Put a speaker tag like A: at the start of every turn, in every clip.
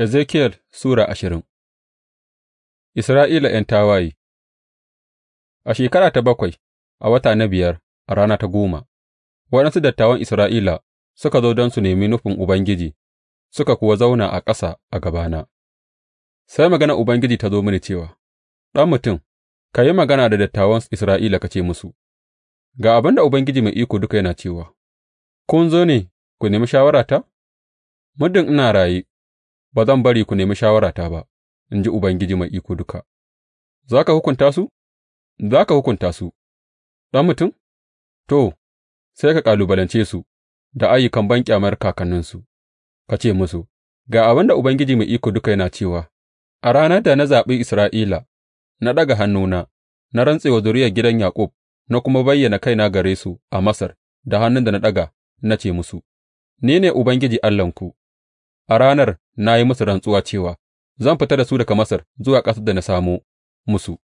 A: Ezekiel Sura ashirin Isra'ila ’yan tawaye A shekara ta bakwai, a wata na biyar, a rana ta goma, waɗansu dattawan Isra'ila suka zo don su nemi nufin Ubangiji suka kuwa zauna a ƙasa a gabana, sai magana Ubangiji ta zo mini cewa, Ɗan mutum, ka yi magana da dattawan Isra'ila ka ce musu, Ga abin da Ubangiji Mai Iko Duka yana cewa, Kun zo ne ku nemi shawarata? Muddin ina raye. Ba zan bari ku nemi shawarata ba, in ji Ubangiji Mai Iko Duka, Za ka hukunta su, za ka hukunta su, ɗan mutum, to, sai ka ƙalubalance su da ayyukan banƙyamar kakanninsu, ka ce musu, Ga abin da Ubangiji Mai Iko Duka yana cewa, A ranar da na zaɓi Isra'ila, na ɗaga hannuna, na rantse wa zuriyar gidan Yaƙub, na kuma bayyana kaina gare su a Masar da hannun da na ɗaga, na ce musu, Ni ne Ubangiji Allahnku. A ranar na yi musu rantsuwa cewa zan fita da su daga Masar zuwa ƙasar da na samo musu,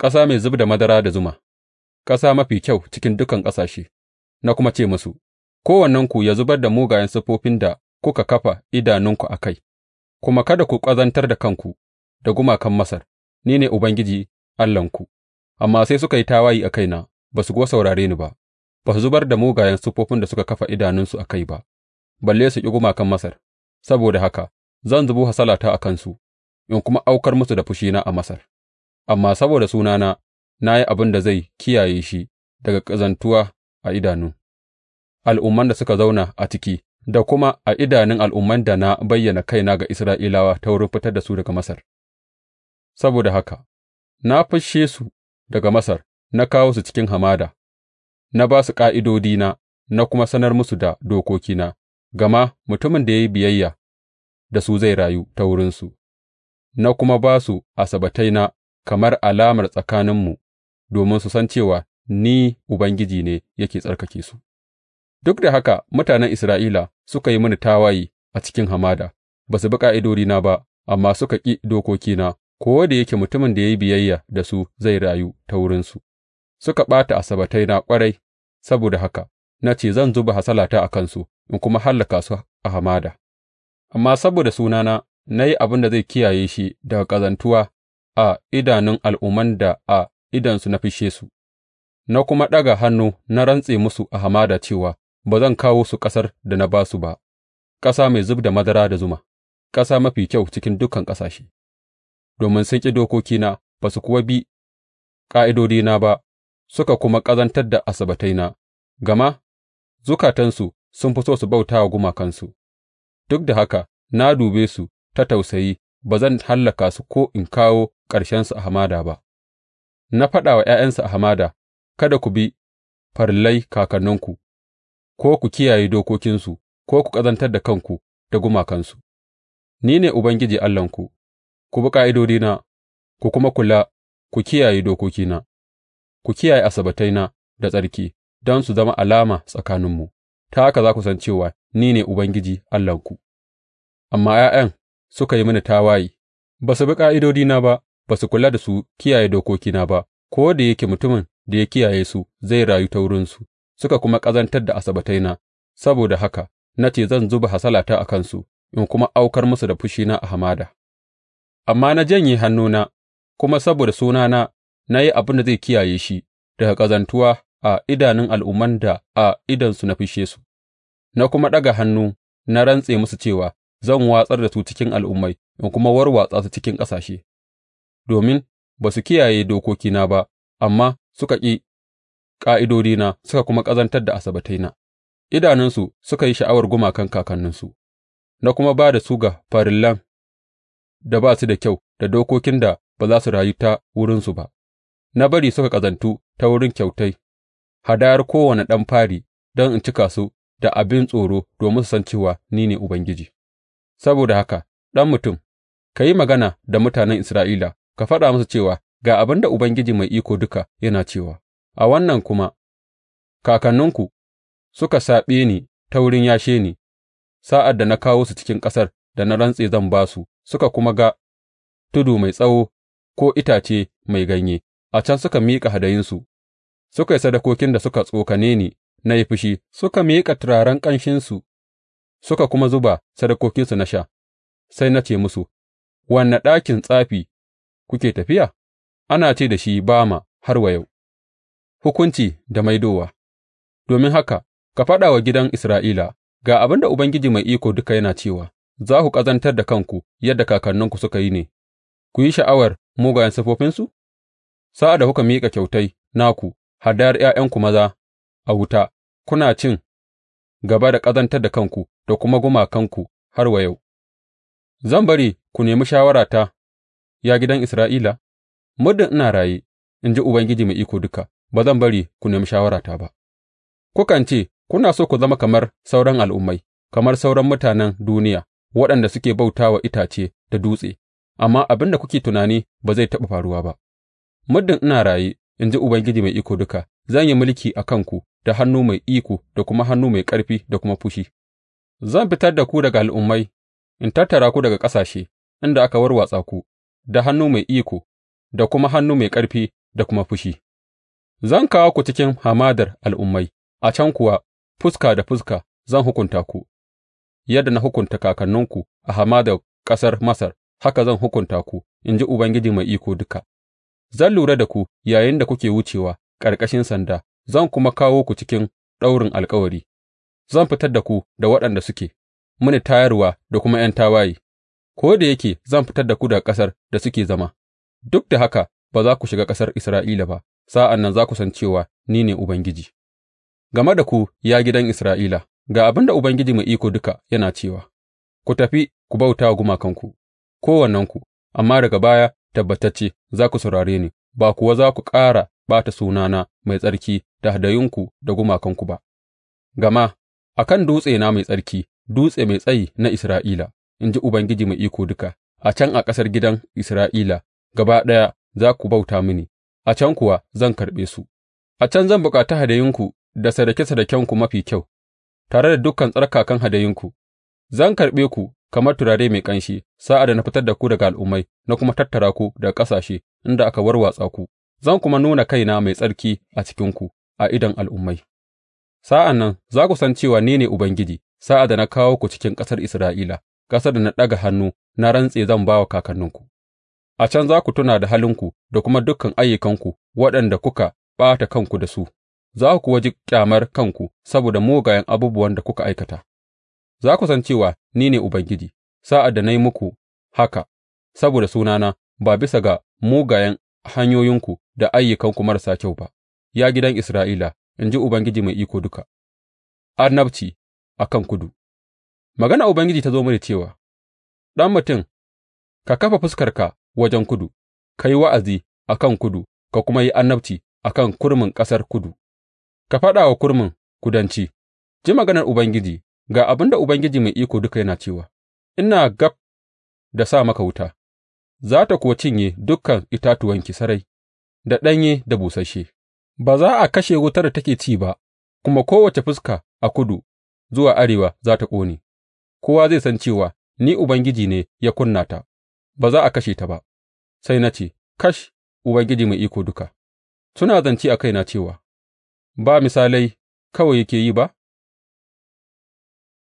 A: ƙasa mai zub da madara da zuma, ƙasa mafi kyau cikin dukan ƙasashe, na kuma ce musu, Kowannenku ya zubar da mugayen siffofin da kuka kafa idanunku a kai, kuma kada ku ƙazantar da kanku da gumakan Masar, ni ne Ubangiji Allahnku, amma sai suka yi tawayi a kaina, ba su kuwa saurare ni ba, ba su zubar da mugayen siffofin da suka kafa idanunsu a kai ba, balle su ƙi gumakan Masar. Saboda haka zan zubo hasalata a kansu in kuma aukar musu da fushina a Masar, amma saboda sunana na yi abin da zai kiyaye shi daga ƙazantuwa a idanu al'umman da suka zauna a ciki da kuma a idanun al'umman da na bayyana kaina ga Isra'ilawa ta wurin fitar da su daga Masar. Saboda haka na fushe su daga Masar na kawo su cikin hamada, na ba su ƙa'idodina na kuma sanar musu da dokokina. gama mutumin da ya yi biyayya da su zai rayu ta wurinsu, na kuma ba su Asabbataina kamar alamar tsakaninmu domin su san cewa Ni Ubangiji ne yake tsarkake su, duk da haka mutanen Isra'ila suka yi mini tawaye a cikin hamada, ba su bi ƙa'idodina ba, amma suka ƙi dokokina, ko da yake mutumin da ya yi biyayya da su zai rayu ta wurinsu, suka ɓata Asabbataina ƙwarai, saboda haka na ce zan zuba hasalata a kansu in kuma hallaka su a hamada, amma saboda sunana na yi abin da zai kiyaye shi daga ƙazantuwa a idanun al'umman da a idansu na fishe su, na kuma ɗaga hannu na rantse musu a hamada cewa ba zan kawo su ƙasar da na ba su ba, ƙasa mai zub da madara da zuma, ƙasa mafi kyau cikin dukan ƙasashe, domin sun ƙi dokokina ba su kuwa bi ƙa'idodina ba, suka kuma ƙazantar da Asabbataina, gama zukatansu sun fi so su bauta wa gumakansu, duk da haka na dube su ta tausayi ba zan hallaka su ko in kawo ƙarshensu a hamada ba, na faɗa wa ’ya'yansu a hamada, Kada ku bi farlai kakanninku, ko ku kiyaye dokokinsu, ko ku ƙazantar da kanku da gumakansu, ni ne Ubangiji Allahnku, ku bi ƙa'idodina, ku kuma kula, ku kiyaye dokokina, ku kiyaye asabataina da tsarki, don su zama alama tsakaninmu. ta haka za ku san cewa ni ne Ubangiji Allahnku. Amma ’ya'yan suka yi mini tawaye, ba su bi ƙa'idodina ba, ba su kula da su kiyaye dokokina ba, ko da yake mutumin da ya kiyaye su zai rayu ta wurinsu, suka kuma ƙazantar da asabataina, saboda haka na ce zan zuba hasalata a kansu in kuma aukar musu da fushina a hamada. Amma na janye hannuna, kuma saboda sunana na yi abin da zai kiyaye shi daga ƙazantuwa a idanun al'umman da a idonsu na fushe su. na kuma ɗaga hannu na rantse musu cewa zan watsar da su cikin al'ummai in kuma warwatsa su cikin ƙasashe, domin ba su kiyaye dokokina ba, amma suka ƙi ƙa'idodina suka kuma ƙazantar da Asabbataina, idanunsu suka yi sha'awar gumakan kakanninsu, na kuma ba da su ga farillan da ba su da kyau da dokokin da ba za su rayu ta wurinsu ba, na bari suka ƙazantu ta wurin kyautai, hadayar kowane ɗan fari don in cika su da abin tsoro domin su san cewa ni ne Ubangiji, saboda haka, ɗan mutum, ka yi magana da mutanen Isra'ila ka faɗa musu cewa ga abin da Ubangiji Mai Iko Duka yana cewa, A wannan kuma, kakanninku suka saɓe ni ta wurin yashe ni sa'ad da na kawo su cikin ƙasar da na rantse zan ba su, suka kuma ga tudu mai tsawo ko itace mai ganye, a can suka miƙa hadayunsu, suka yi sadakokin da suka tsokane ni na yi fushi, suka miƙa turaren ƙanshinsu suka kuma zuba sadakokinsu na sha, sai na ce musu, wane ɗakin tsafi kuke tafiya? Ana ce da shi Bama har wa yau, hukunci da maidowa. Domin haka, ka faɗa wa gidan Isra'ila, Ga abin da Ubangiji Mai Iko Duka yana cewa, Za ku ƙazantar da kanku yadda kakanninku suka yi ne, ku yi sha'awar mugayen siffofinsu? Sa'ad da kuka miƙa kyautai naku, hadayar ’ya'yanku maza a wuta, kuna cin gaba da ƙazantar da kanku da kuma gumakanku har wa yau, zan bari ku nemi shawarata, ya gidan Isra'ila? Muddin ina raye, in ji Ubangiji Mai Iko Duka, ba zan bari ku nemi shawarata ba. Kukan ce, Kuna so ku zama kamar sauran al'ummai, kamar sauran mutanen duniya waɗanda suke bauta wa itace da dutse, amma abin da kuke tunani ba zai taɓa faruwa ba, muddin ina raye, in ji Ubangiji Mai Iko Duka. Zan yi mulki a kanku da hannu mai iko da kuma hannu mai ƙarfi da kuma fushi; zan fitar da ku daga al'ummai in tattara ku daga ƙasashe inda aka warwatsa ku da hannu mai iko da kuma hannu mai ƙarfi da kuma fushi; zan kawo ku cikin hamadar al'ummai, a can kuwa fuska da fuska zan hukunta ku, yadda na hukunta kakanninku a hamadar ƙasar Masar, haka zan hukunta ku, in ji Ubangiji Mai Iko Duka; zan lura da ku yayin da kuke wucewa. ƙarƙashin sanda zan kuma kawo ku cikin ɗaurin alkawari; zan fitar da ku da waɗanda suke mini tayarwa da kuma ’yan tawaye, ko da yake zan fitar da ku daga ƙasar da suke zama, duk da haka ba za ku shiga ƙasar Isra'ila ba, sa'an nan za ku san cewa ni ne Ubangiji. Game da ku, ya gidan Isra'ila, ga abin da Ubangiji Mai Iko Duka yana cewa, Ku tafi ku bauta wa gumakanku, kowannenku, amma daga baya tabbatacce za ku saurare ni, ba kuwa za ku ƙara Ba ɓata sunana mai tsarki da hadayunku da gumakanku ba, gama a kan dutsena mai tsarki, dutse mai tsayi na Isra'ila, in ji Ubangiji Mai Iko Duka, a can a ƙasar gidan Isra'ila gaba ɗaya za ku bauta mini, a can kuwa zan karɓe su, a can zan buƙata hadayunku da sadake-sadakenku mafi kyau, tare da dukan tsarkakan hadayunku, zan karɓe ku kamar turare mai ƙanshi sa'ad da na fitar da ku daga al'ummai na kuma tattara ku daga ƙasashe inda aka warwatsa ku. zan kuma nuna kaina mai tsarki a cikinku a idon al'ummai, sa'an nan za ku san cewa ni ne Ubangiji sa'ad da na kawo ku cikin ƙasar Isra'ila, ƙasar da na ɗaga hannu na rantse zan ba wa kakanninku. A can za ku tuna da halinku da kuma dukkan ayyukanku waɗanda kuka ɓata kanku da su, za ku kuwa ji ƙyamar kanku saboda mugayen abubuwan da kuka aikata. Za ku san cewa ni ne Ubangiji sa'ad da na yi muku haka saboda sunana ba bisa ga mugayen hanyoyinku da ayyukanku marasa kyau ba, ya gidan Isra'ila, in ji Ubangiji Mai Iko Duka. Annabci a kan kudu magana Ubangiji ta zo mini cewa, Ɗan mutum, ka kafa fuskarka wajen kudu, ka yi wa'azi a kan kudu, ka kuma yi annabci a kan kurmin ƙasar kudu, ka faɗa wa kurmin kudanci, ji maganar Ubangiji, ga abin da Ubangiji Mai Iko Duka yana cewa, Ina gab da sa maka wuta, za ta kuwa cinye dukan itatuwanki sarai. da ɗanye da busasshe; ba za a kashe wutar da take ci ba, kuma kowace fuska a kudu zuwa arewa za ta ƙone, kowa zai san cewa Ni Ubangiji ne ya kunna ta, ba za a kashe ta ba, sai na ce, Kash, Ubangiji Mai Iko Duka, suna zance a kaina cewa, Ba misalai kawai yake yi ba?